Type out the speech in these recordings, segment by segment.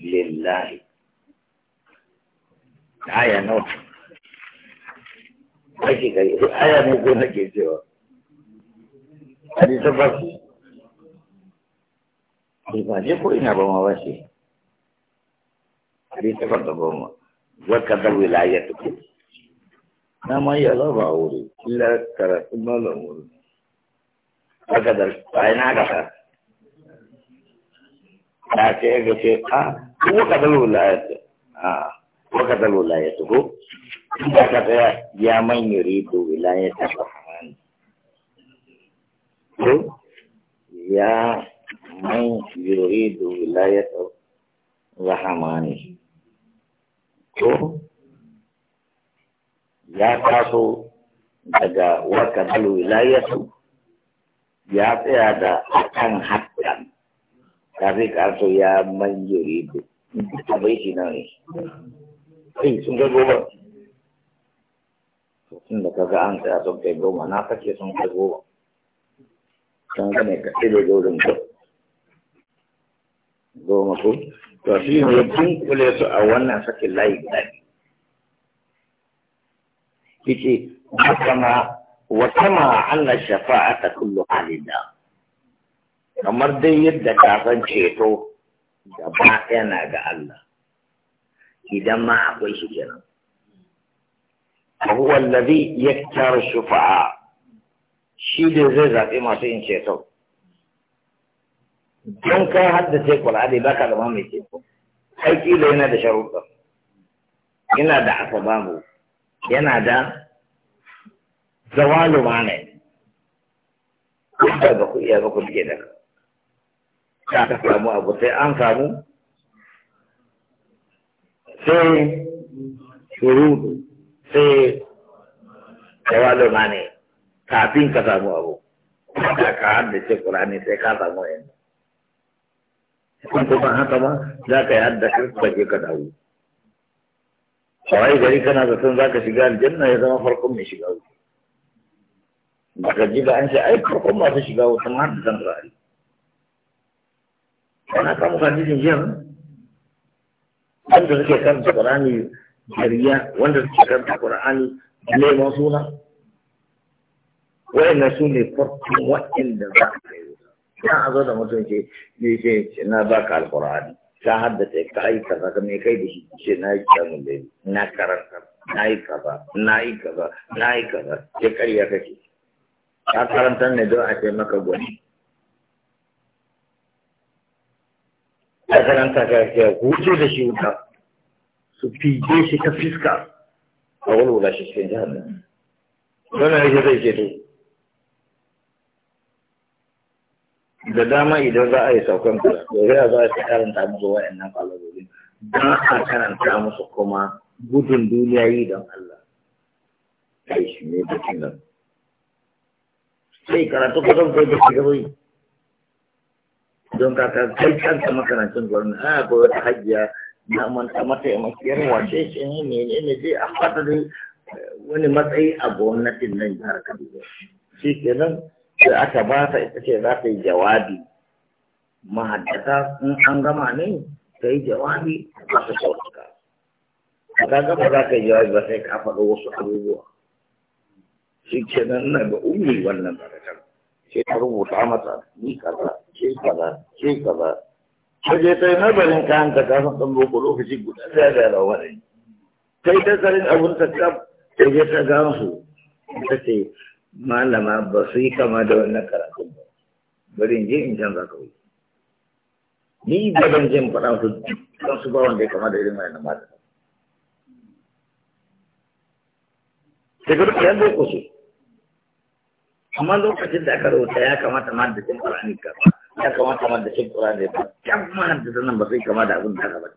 lillahi aya nawa ake kai aya ne ko nake cewa hadisa ba su ba je ko ina ba ma ba shi hadisa ba ta goma da wilaya ta na ma yi a wuri karatun da da ce ah, ya ce a ah, kuma ka dalo layatu a kuma ka dalo ko in ka ka tsaya ya man yuridu wilayata rahman ko ya man yuridu wilayata rahmani ko ya taso daga waka dalo ya tsaya da akan hakan kafin kaso ya manjuri da bai shi nan ne sun ga goma sun da kaga an tsaya sun kai goma na kake sun kai goma ga jorin goma ko to shi ne su a wannan sakin layi guda ne haka ma Allah shafa'ata kullu halin da kamar dai yadda kafin ceto gaba yana ga Allah idan ma akwai shi kenan هو الذي يختار shufa'a shi da zai zaɓi masu yin ceto don kai haddace ƙwararri ba ka zama mai ceto aiki da yana da sharuɗa yana da asababu yana da zawalu ma ne da ba ku iya ba ku suke daga ya ta samu abu sai an samu sai shuru sai kawalo ma ne kafin ka samu abu da ka haddace ƙurani sai ka samu yanzu kun kuma haka ma za ka yi haddace ba je ka dawo kawai gari kana zaton za ka shiga aljanna ya zama farkon mai shiga wuta ba ka ji ba an ce ai farkon masu shiga wuta ma da san ra'ayi kana kan hadisin yin wanda suke karanta Qur'ani jariya wanda suke karanta Qur'ani neman suna wa'annan su ne farkon wa'anda za a yi na a zo da mutum ce zai ce na ba ka Al-Qur'ani. ka haddace ka yi kaza ka mai kai da shi ce na yi kyamun da na karanta na yi kaza na yi kaza na yi kaza ke karya kake ka karanta ne don a ce maka gwani a karanta ka ya guje da shi wuta su fije shi ta fiska a walwala shi cikin jihar nan wannan yake zai to da dama idan za a yi saukan kula da za a yi karanta musu wa'annan kwalabobin ba a karanta musu kuma gudun duniya yi don Allah kai shi ne da kinan sai karatu kusan kai da shigarori don ka ta kai kanka makarancin gwamnati a ko wata hajiya na manta mata ya makiyar wace ce ne ne ne dai a fata dai eh, wani matsayi a gwamnatin nan jihar Kaduna shi kenan da aka ba ta ita ce za ta yi jawabi mahaddata in an gama ne ta yi jawabi za ta sauka a ka gama za ka yi jawabi ba sai ka faɗo wasu abubuwa shi kenan na ga umi wannan barakar sai ta rubuta mata ni kaza ke kaza ke kaza ta je ta yi nazarin kayan ta kasan ɗan boko lokaci guda ta da yara wani ta yi tattalin abin ta ta ta je ta gan su ta ce malama ba su yi kama da wannan karatun ba bari je in canza kawai ni ba zan je in faɗa su dukkan su ba wanda ya kama da irin wannan mata. Shekaru ɗayan boko su. amma lokacin da aka rubuta ya kamata ma da cin ƙur'ani ka ya kamata ma da cin ƙur'ani ba can ma da sanan ba sai kama da abin da aka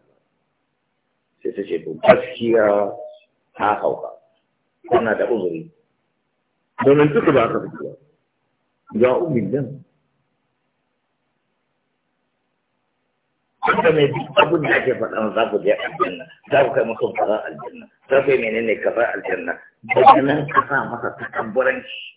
sai ta ce to gaskiya ta hauka tana da uzuri domin duka ba aka fitowa ya ubin din wanda mai duk abin da ake faɗa za ku je aljanna za ku kai mutum kaza aljanna za ku yi menene kaza aljanna daga nan ka sa masa takabburanci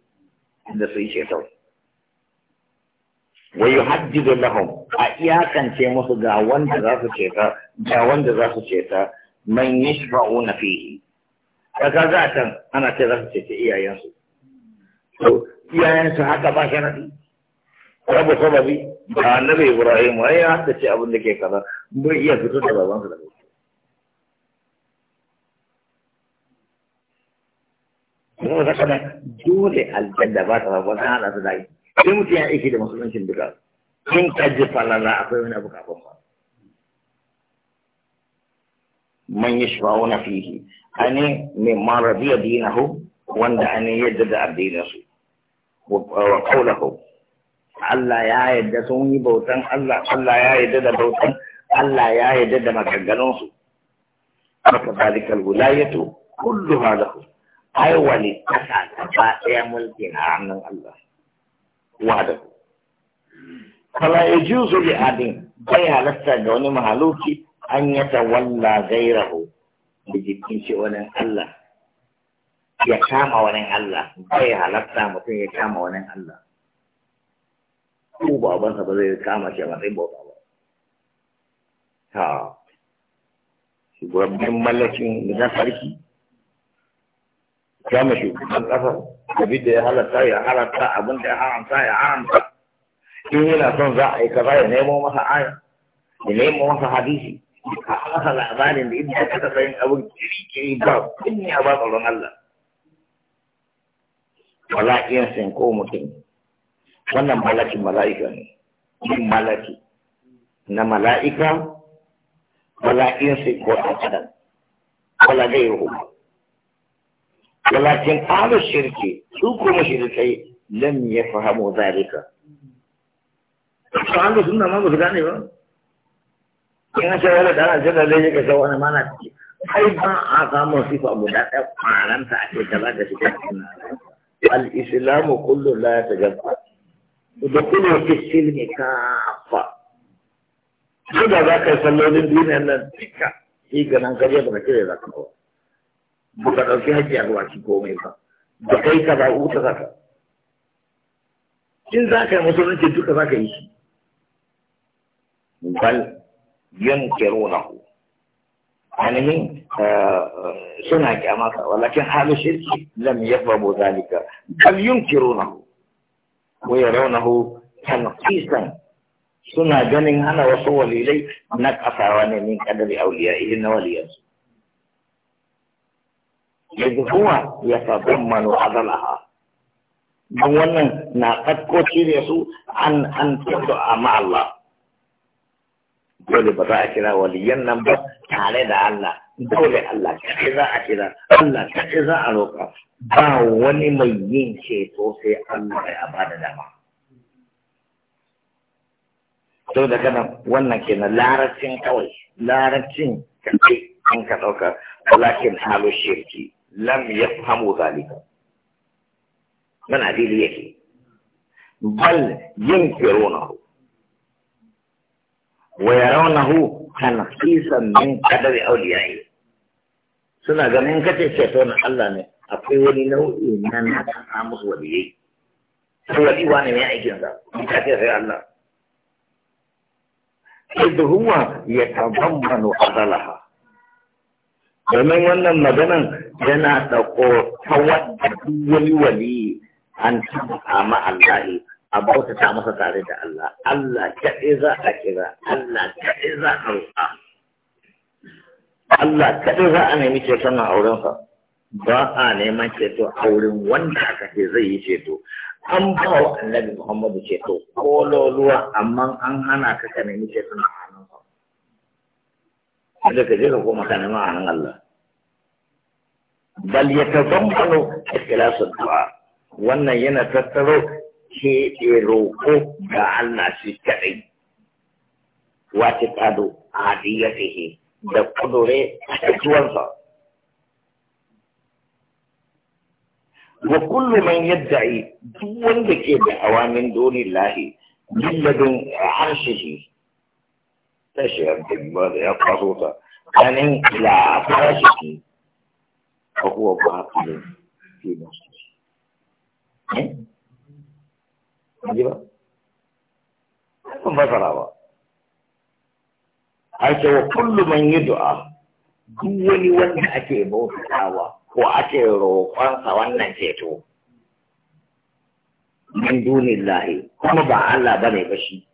da su yi shekau wa da lahum a iyakance musu ga wanda za su ceta ga wanda za su ceta man yi na fiye. kaga za can ana ce za su cece iyayensu to iyayensu haka ba sharadi rabu sababi ba annabi ibrahim ai ya hada ce abin da ke kaza bai iya fito da babansa ba. saboda haka nan dole aljanna ba ta rabuwa na hana su dai sai mutum ya aiki da musuluncin duka in ka ji falala akwai wani abu kafin ba man yashfa'una fihi ani mimma radiya dinahu wanda ani yadda da addinarsu wa qawluhu Allah ya yadda sun yi bautan Allah Allah ya yadda da bautan Allah ya yadda da maganganunsu haka zalikal wilayatu kulluha lahu ai wani kasa gaba ɗaya mulki na hannun Allah wada fala ya ji su bi adin bai halatta ga wani mahaluki an ya tawalla gairahu da jikin shi wani Allah ya kama wani Allah bai halatta mutum ya kama wani Allah ko babansa ba zai kama shi a matsayin bauta ba ha shugaban mallakin na sarki kama shi shugaban kasar abin da ya halatta ya halatta abin da ya haramta ya haramta in yana son za a yi kaza ya nemo masa aya ya nemo masa hadisi a masa labarin da inda aka taɓa yin abin kiri-kiri ba in ya ba tsaron Allah mala'iyan sun ko mutum wannan malakin mala'ika ne yin malaki na mala'ika mala'iyan sun ko ɗan adam wala zai ولكن أهل الشرك سوق مشركي لم يفهموا ذلك فأهل السنة ما بسكاني بقى ina ce wala da aljanna da yake ga wani mana ciki ai ba a samu sifa guda ɗaya kwaranta a ce kaza da shiga cikin al islamu kullu la yatajabba da kullu fi silmi kafa ko da za ka yi sallolin duniyar nan duka shi ga nan kaje ba ka kire za ka kawo baka ɗauki hajji a gabaki komai ba da kai ka ba uta za ka in za ka yi musulunci duka za ka yi shi bal ku ainihin eh, suna ka walakin halin shirki lam yafhamu zalika bal yunkirunahu wa yarawnahu tanqisan suna ganin hana wasu walilai na kasawa ne min kadari auliya ihin na waliyansu yanzu kuma ya tadammanu ha. don wannan na ɗauko cire su an an tattu a ma'alla dole ba za a kira waliyan nan ba tare da Allah dole Allah kaɗai za a kira Allah kaɗai za a roƙa ba wani mai yin ceto sai Allah ya ba da dama sau da kanan wannan ke na larabcin kawai larabcin kaɗai an ka ɗauka walakin halu shirki لم يفهموا ذلك من عديليته بل ينكرونه ويرونه تنقيصا من قدر أوليائه سنة جميعا كتير شيطان الله ne akwai wani nau'i na na kasa musu waliyai sai wali wani mai إذ هو يتضمن أصلها domin wannan maganan yana da ta wadda wani wali an tabbata ma Allah a bautata masa tare da Allah Allah kaɗai za a kira Allah kaɗai za a roƙa Allah kaɗai za a nemi ceton a aurenka ba a neman ceto a wurin wanda aka ce zai yi ceto an ba wa annabi Muhammadu ceto ko loluwa amma an hana ka ka nemi ceton a hannunsa. Kada ka je ka koma ka nema a Allah. بل يتضمن اخلاص الدعاء وانا ينا تترو كي يروكو جعل ناسي كري واتتادو عاديته دقدوري اتجوان صار وكل من يدعي دون بكي دعوى من دون الله من لدن عرشه تشهد بالله يا قصوصة أنا لا عرشه abubuwan a ba eh? wa kulluman yi du'a duk wani wanda ake bauta ko ake sa wannan ceto min dunin lahi kuma ba Allah ba ne ba shi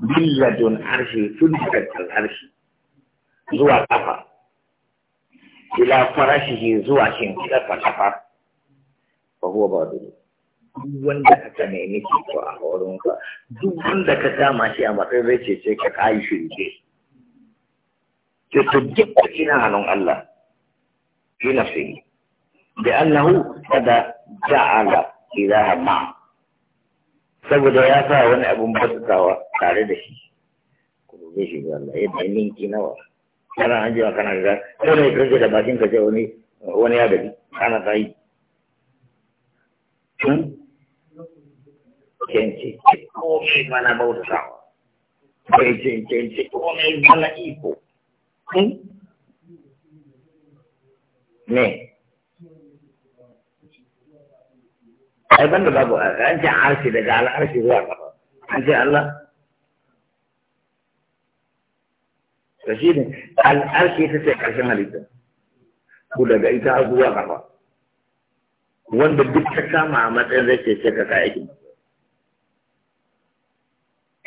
min don arshi tun da kan zuwa kafa ila farashihi zuwa shimfiɗar fatafa ba huwa ba duk wanda aka nemi ceto a horonka duk wanda ka kama shi a matsayin zai ce ka kayi shirke to duk ina hannun Allah fi nafsihi da annahu kada ja'ala ilaha ma saboda ya sa wani abun bautawa tare da shi ku zai shi Allah yadda ninki nawa kana an jiwa kana ga ko ne kake da bakin ka ce wani wani ya gari kana ta yi hmm? kenci ko me mana bautawa bai cancanci ko me mana iko ne hmm? ai banda babu an ce arshi daga al'arshi zuwa kafa an ce Allah da al ne al'arshi ta ce ƙarshen halitta daga ita zuwa kafa wanda duk ta kama a matsayin zai ce ka aiki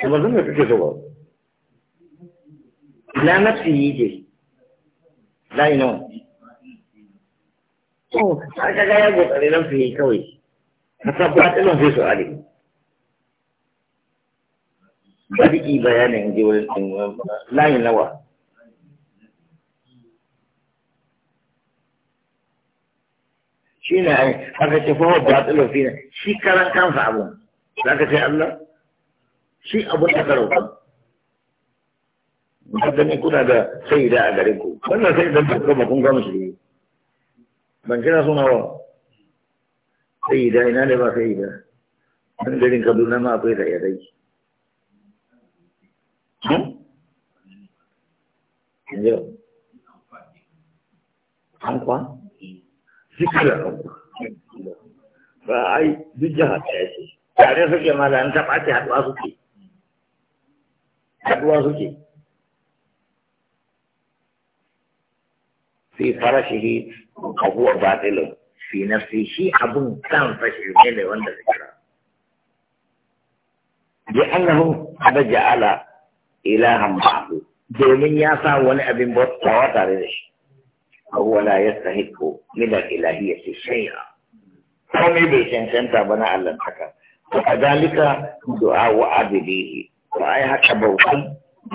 kuma zan da kake so ba ila nafsi yi ce la yi nawa a kaga ya gotsare nafsi yi kawai ka tabbata ɗin sai su alihi ba bayanin je wurin nawa شينا هاي حقا شفوه بعض إلو فينا شي كلام كان فعبون لك يا الله شي أبو تكروا حتى أن يكون هذا سيدة أدريكو فأنا سيدة أدريكو ما كون كانوا شليه من كنا سنة الله سيدة إنا لبا سيدة من دين قبلنا ما أطيت يدي هم؟ هم؟ هم؟ shikila ba ai duk jihar ta yake tare suke mala an taɓa ce haɗuwa suke haɗuwa suke fi farashihi a huwa batilin fi nafsi shi abun kan fashi ne wanda zikira bi annahu qad ja'ala ilahan ma'hu domin ya sa wani abin bautawa tare da shi فهو لا يستحق من الإلهية شيئا فمي بيشنشنتا بنا ألا حكا فذلك دعاء عبديه فأي حكا بوكم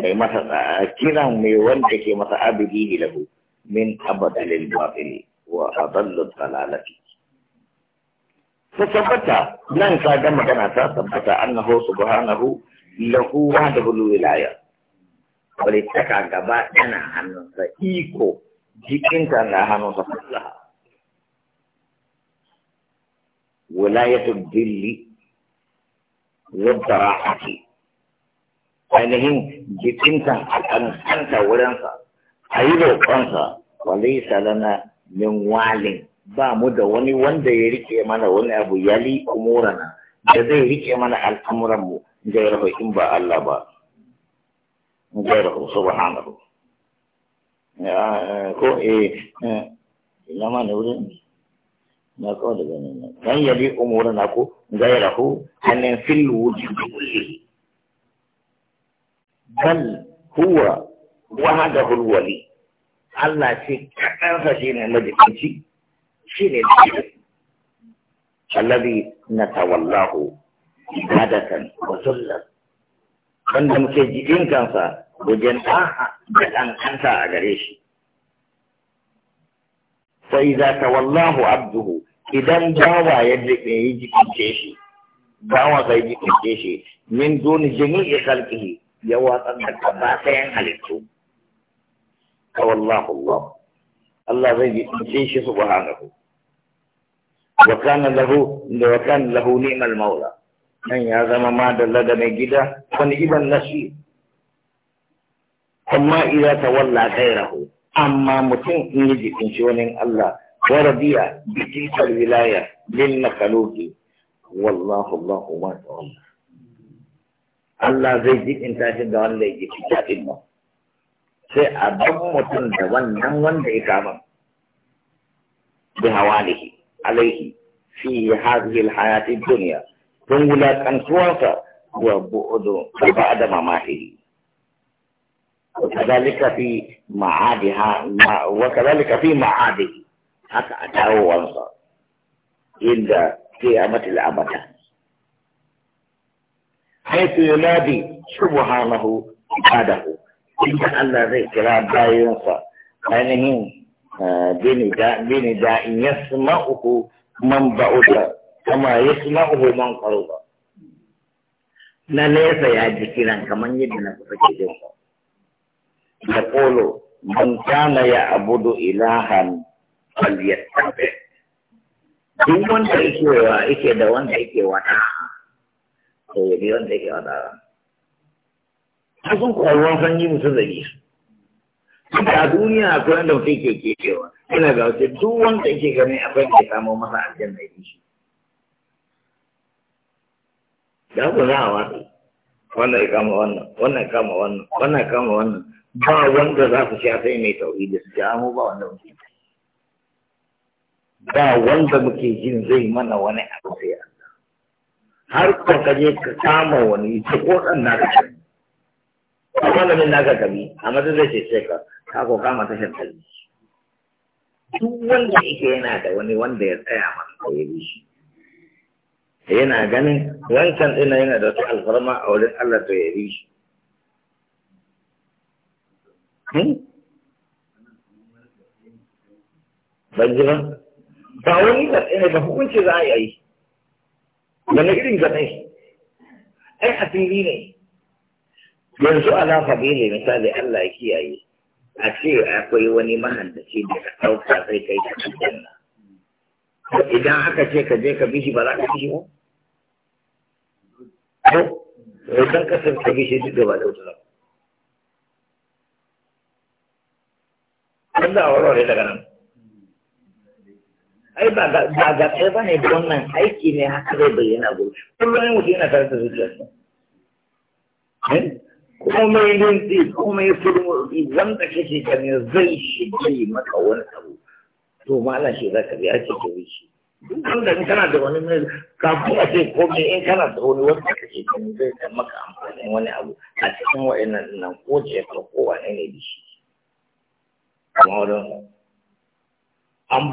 أي مثلا كلا ميوان كي مثلا عبديه له من أبد للباطل وأضل الضلالة فثبت لن ساجم كان ثبت أنه سبحانه له وحده الولاية ولتكا غبا أنا أنه إيكو ka na hannunsa fallaha wulayatul dilli wadda ake, ainihin jikinka a ƙanƙanta wurinsa a yi roƙonsa walaisa lana min walin ba mu da wani wanda ya rike mana wani abu yali umurana da zai rike mana al'amuranmu gairahu in ba Allah ba gairahu subhanahu ko eh ina eh, ne wurin na kawo ganin nan dan yabi umuran ako gairahu hannun fil wujubi kulli bal huwa wahadahu alwali Allah ce kaɗan sa shi ne majibinci shi ne alladhi natawallahu ibadatan wa zullan wanda muke jikin kansa wajen ɗa'a da ɗan'anta a gare shi. Sai za ta wallahu abduhu idan bawa ya jiɓe jikince shi, bawa zai jikin shi, min doni ya kalkihi ya watsar da gaba ɗayan halittu. Ka wallahu Allah, Allah zai jikince shi subhanahu. Wa kana lahu da wa kana lahu ni'mal maula. Nan ya zama ma da mai gida wani iban nasir. amma idza tawalla ghayrahu amma mutum in yi jikin shi wani Allah wa radiya bi tilkal wilaya lil makhluqi wallahu Allahu ma ta'ala Allah zai jikin tashi da wanda ya jikin tafin nan sai a ban mutum da wannan wanda ya kama bi hawalihi alaihi fi hadhihi alhayati dunya tun wulakantuwansa wa bu'udu ba da mamatihi وكذلك في معادها وكذلك في معاده حتى أتاه وانصر عند قيامة الأبد حيث ينادي سبحانه عباده إن الله ذكر لا ينصر أنهم بنداء بنداء يسمعه من بعد كما يسمعه من قرب na nesa ya ji kiran kamar yadda na kusa ke jinsa يقول من كان يعبد إلها فليتبع duk wanda yake wa yake da wanda yake wata to yabi wanda yake wata ta sun kuwa ruwan sanyi mutum zai yi a duniya akwai wanda mutum ke kekewa ina ga wace duk wanda yake gani akwai ke samo masa da yake shi da ku za a wata wannan ya kama wannan wannan kama wannan wannan kama wannan ba wanda za su sha sai mai tauhidi su ja ah, mu ba wanda muke ba wanda muke jin zai mana wani abu sai Allah har ka kaje ka kama wani ita ko dan na ka a na naka kabi amma da zai ce ka ka ko kama ta shirka duk wanda yake yana da wani wanda ya tsaya masa tauhidi shi yana ganin wancan ina yana da wasu alfarma a wurin Allah to ya shi Hmm? ban ji ba ba wani gatsi ne ba hukunci za a yi a yi wani irin gatsi ai a fili ne yanzu ala fabili misali Allah ya kiyaye a ce akwai wani mahantaci da ka ɗauka sai kai ka aljanna idan aka ce ka je ka bishi ba za ka bishi ba ko idan ka san ka bishi duk da ba da wuta Allah a warware daga nan ai ba ga tsaye ba ne don nan aiki ne haka zai bayyana gobe kullum yin mutum yana tare da zuciyarsa eh? komai rinzi komai furmurfi kake gani zai shige maka wani abu to malam shi za ka biya ce ke wuce wanda in kana da wani mai kafin a ce komai in kana da wani wanda kake gani zai maka amfani wani abu a cikin wa'annan nan ko ce ko ne an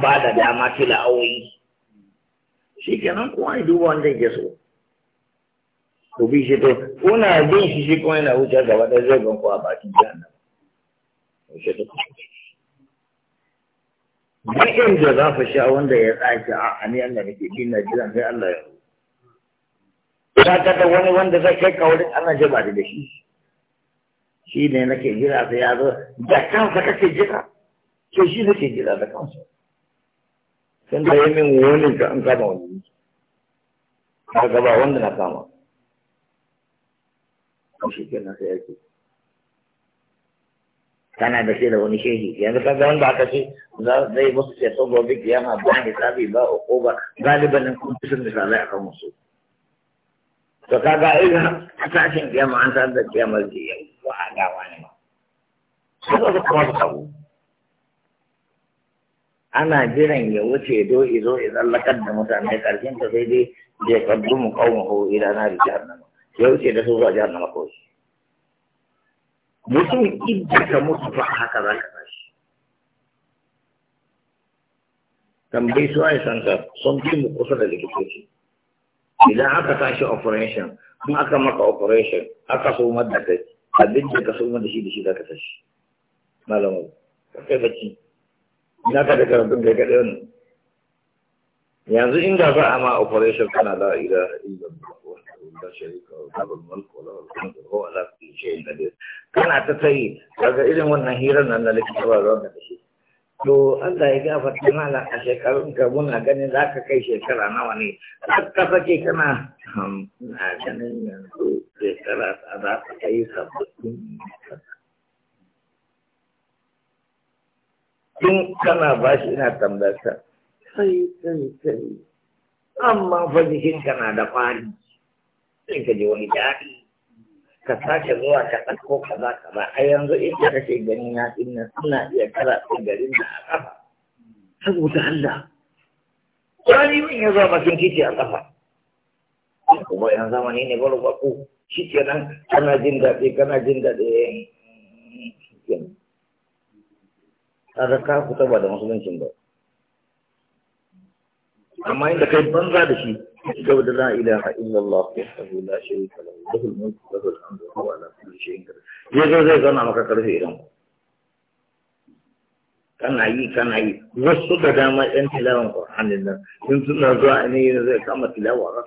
ba da dama fila auyi. shi kenan kuma ya duba wanda ya so ku bi shi to kuna bin shi shi kuma yana wuce gaba da zai gan ku a bakin ba Bakin da za ku sha wanda ya tsaki a ni Allah ke bi na jiran sai Allah ya ta kada wani wanda zai kai ka wurin Allah ba da shi. shi ne nake jira sai ya zo da kansa kake jira to shi ne ke jira da kansa sun da yi min wani ka an kama wani ka gaba wanda na kama A shi ke nasa yake kana da shi da wani shehi yanzu kaga da aka ce zai musu ceto gobe kiyama ba hisabi ba uku ba galiban nan kuma fi misalai a kan musu to kaga irin tashin kiyama an san da kiyama kiyamar jiya wa a gawa ne ba sai ka kuma su sabo ana jiran ya wuce do izo ya tsallakar da mutane karshen ta sai dai je kaddu mu kauma ko idan na da jahannama ya wuce da su zuwa jahannama kawai mutum idda ka mutu fa haka za ka tashi tambayi su a yi ka sun fi mu kusa da likitoci idan aka tashi operation in aka maka operation aka so madda kai abin da ka sun da shi da shi za ka tashi malamu ka kai bacci ina ka da karatun kai kaɗai wani. yanzu inda za a ma operation kana la ila ila da sharika wa babal mulk wa lahul hamdu wa huwa ala kulli shay'in qadir kana ta tayi daga irin wannan hirar nan na likita ba za ka tashi to Allah ya gafarta mala a shekarun ka muna ganin za ka kai shekara nawa ne ka sake kana hmm, na ganin yanzu shekara ta za ka kai sabbin tun kana ba shi ina tambayarsa sai sai sai amma fa jikinka na da kwari sai ka ji wani daɗi ka sake zuwa ka ɗauko kaza kaza a yanzu inda kake gani na dinnan suna iya kara garin da a ƙafa saboda Allah wani min ya a bakin titi a ƙafa kuma yan zamani ne baro ba ku shi kenan kana jin daɗi kana jin daɗi Kada ka fita ba da musuluncin ba amma inda kai banza da shi أشهد أن لا إله إلا الله وحده لا شريك له له الملك وله الحمد وهو على كل شيء قدير يجوز زي كان عمك كرفي إيران كان أي كان عيي وصد دام أنت لا أنقر عن الناس يمكن نرجع إني ينزل كما تلاوة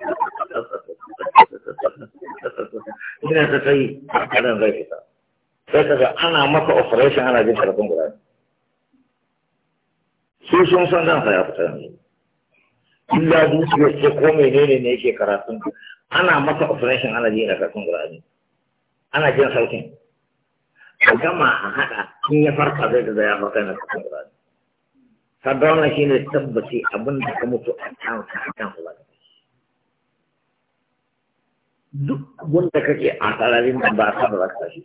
من أتفي على غير كتاب فكذا أنا مك أفرش أنا جبت لكم قرآن سوسون صندان فيا فتاني illa zuciyar ce ko menene ne yake karatun ana masa operation ana jin karatun Qur'ani ana jin sautin a gama a haɗa in ya farka zai da ya farka na karatun Qur'ani shi ne tabbaci abin da ka mutu a kan a kan Qur'ani duk wanda kake a tsararin da ba ka ba ka shi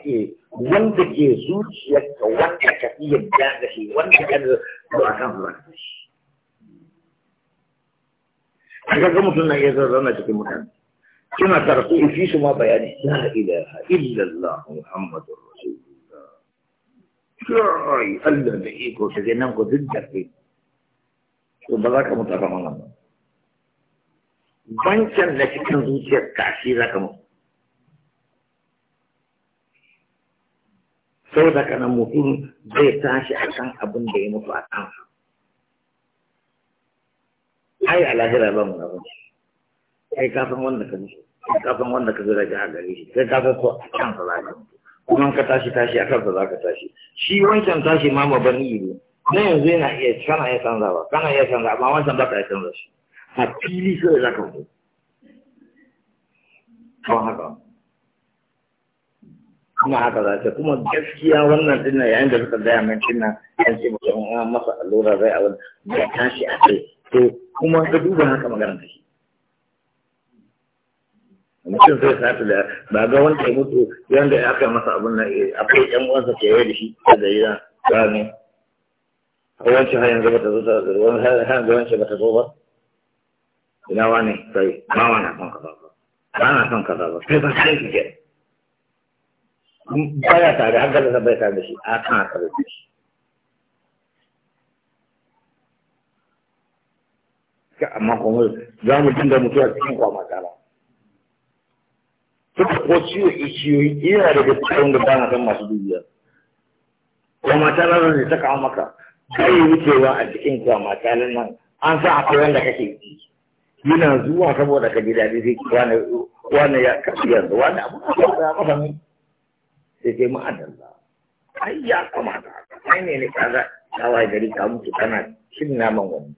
ke wanda ke zuciyarka wanda ka iya da shi wanda ka da a kan Qur'ani a ga mutum na iya zauna cikin mutane suna karatu fi su ma bayani la ilaha illallah muhammadur rasulullah kai Allah da iko ta ga nan ko duk da kai to ba za ka mutu akan wannan ba bancan da cikin zuciyar kashi za ka mutu sau da kana mutum zai tashi a kan abin da ya mutu a kansa ai a lahira ba mu rabu kai ka san wanda ka mutu kai ka san wanda ka zira a gare shi kai ka san ko a kan sa zaka kuma ka tashi tashi a kan sa zaka tashi shi wancan tashi ma ma ban yi ne na yanzu yana iya kana iya canza ba kana iya canza amma wancan ba ka iya canza shi a fili kawai za ka mutu kawai haka kuma haka za ta kuma gaskiya wannan dinnan yayin da suka gaya min dinnan an ce mutum an masa allura zai a wani ya tashi a kai kuma ka duba haka magana da shi mutum zai sata da ba ga wanda ya mutu yanda ya aka masa abin nan eh, akwai yan uwansa kewaye da shi da ya gane wancan har yanzu bata zo ta wani har yanzu ta zo ba ina wani sai ba wani son kaza ba ba na son kaza ba sai ba sai ki je baya tare har gaza bai tare da shi a kan a tare da shi Ka amma kuma za mu dinga mutuwa cikin kwa tara suka ko ciwo ishiyoyi yana daga cikin da dama san masu dubiya kwama tara ne ta kawo maka kai wucewa a cikin kwa matsala nan an sa akwai wanda kake yi yana zuwa saboda ka ji daɗi sai wani wani ya kafi yanzu wani abu ya kafa ne sai sai ma'adalla ai ya kamata ai ne ne kaza kawai gari ka mutu kana cin naman wani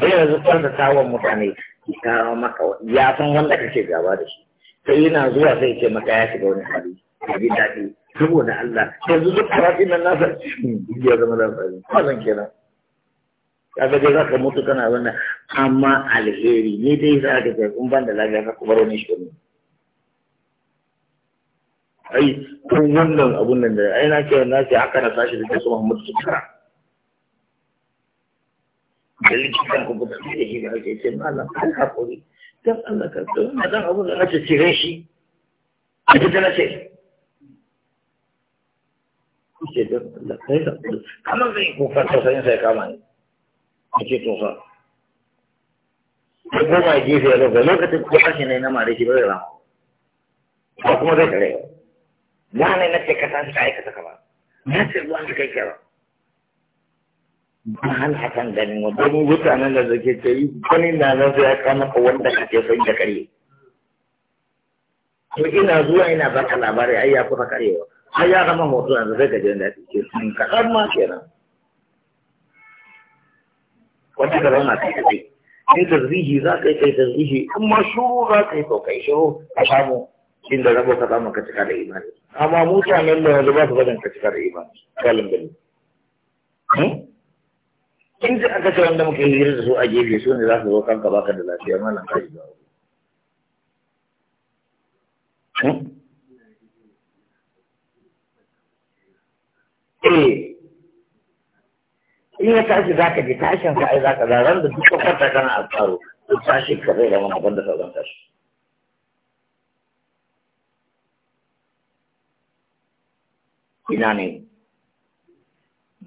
da yanzu da tawon mutane kawo maka ya san wanda kake gaba da shi sai yana zuwa sai ce maka ya shiga wani hali ya ji daɗi saboda Allah yanzu duk farafin nan nasa ya zama da fari wannan kenan kaga dai ka mutu kana wannan amma alheri ne dai za ka ga kun ban da lafiya ka kuma wani shi ai kun wannan abun nan da ai na ce na ce haka na sashi da su Muhammadu da ku da ce Allah ka to dan abu da ake cire shi a ce ce Allah kai da zai sai kama ne ake ko ji lokacin kashi ne na mare shi ba kuma zai kare ba ne na ce ka tashi ka aikata ka na ce ruwan da kai kira ba na kan ganin wajen mu mutanen da zake ta yi wani na nan sai ya kama ka wanda kake son ya karye to ina zuwa ina baka labarai ai ya kusa karyewa har ya zama hoto yanzu sai ka je da ke sun kaɗan ma kenan wata ka zauna kai kaɗai ta zihi za ka yi kai zihi in ma shuru za ka yi to kai shuru ka samu inda rabo ka samu ka cika da imani amma mutanen da yanzu ba su barin ka cika da imani kalin gani in ji aka ce da muke hira da su a gefe su ne za su zo kanka baka da lafiya malam kaji ba hmm? eh in ya tashi za ka ji tashin ka ai za ka zaran da duk kwata kana a tsaro to tashi ka zai zama abin da sauran tashi ina ne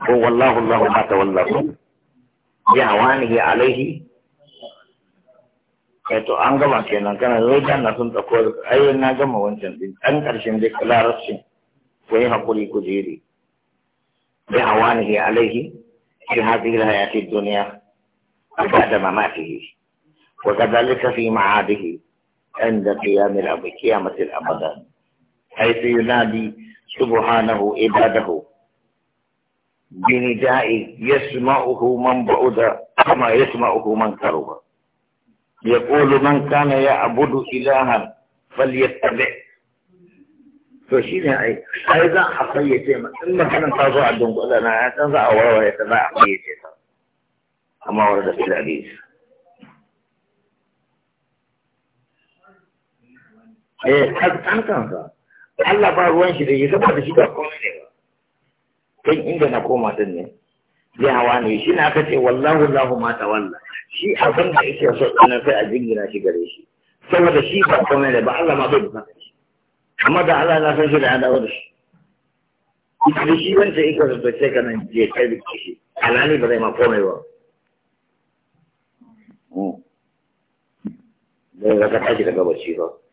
ko wallahu Allah ba ta wallahu bi'awanihi alaihi to an gama kenan kana zai janna sun tsako ai na gama wancan din dan karshen dai larabci ko yi hakuri ku jere bi'awanihi alaihi fi hadhihi alhayati ad-dunya ba'da mamatihi وكذلك في معاده عند قيام قيامة الأبدان حيث ينادي سبحانه عباده بنداء يسمعه من بعد كما يسمعه من قرب يقول من كان يعبد إلها فليتبع فشينا أي أيضا حقية إما كان تضع الدنقل أنا تضع وهو يتبع حقية كما ورد في الحديث إيه حتى أنت الله بارون شديد كما تشبه كوني kan inda na koma din ne ya hawa ne shi na aka ce wallahu lahu ma walla shi abin da yake so din sai a jingira shi gare shi saboda shi ba komai da ba Allah ma bai da shi amma da Allah na san shi da adawa da shi da shi wanda yake so da sai kana je kai da shi alani ba zai ma komai ba da hmm. ka tashi daga bacci ba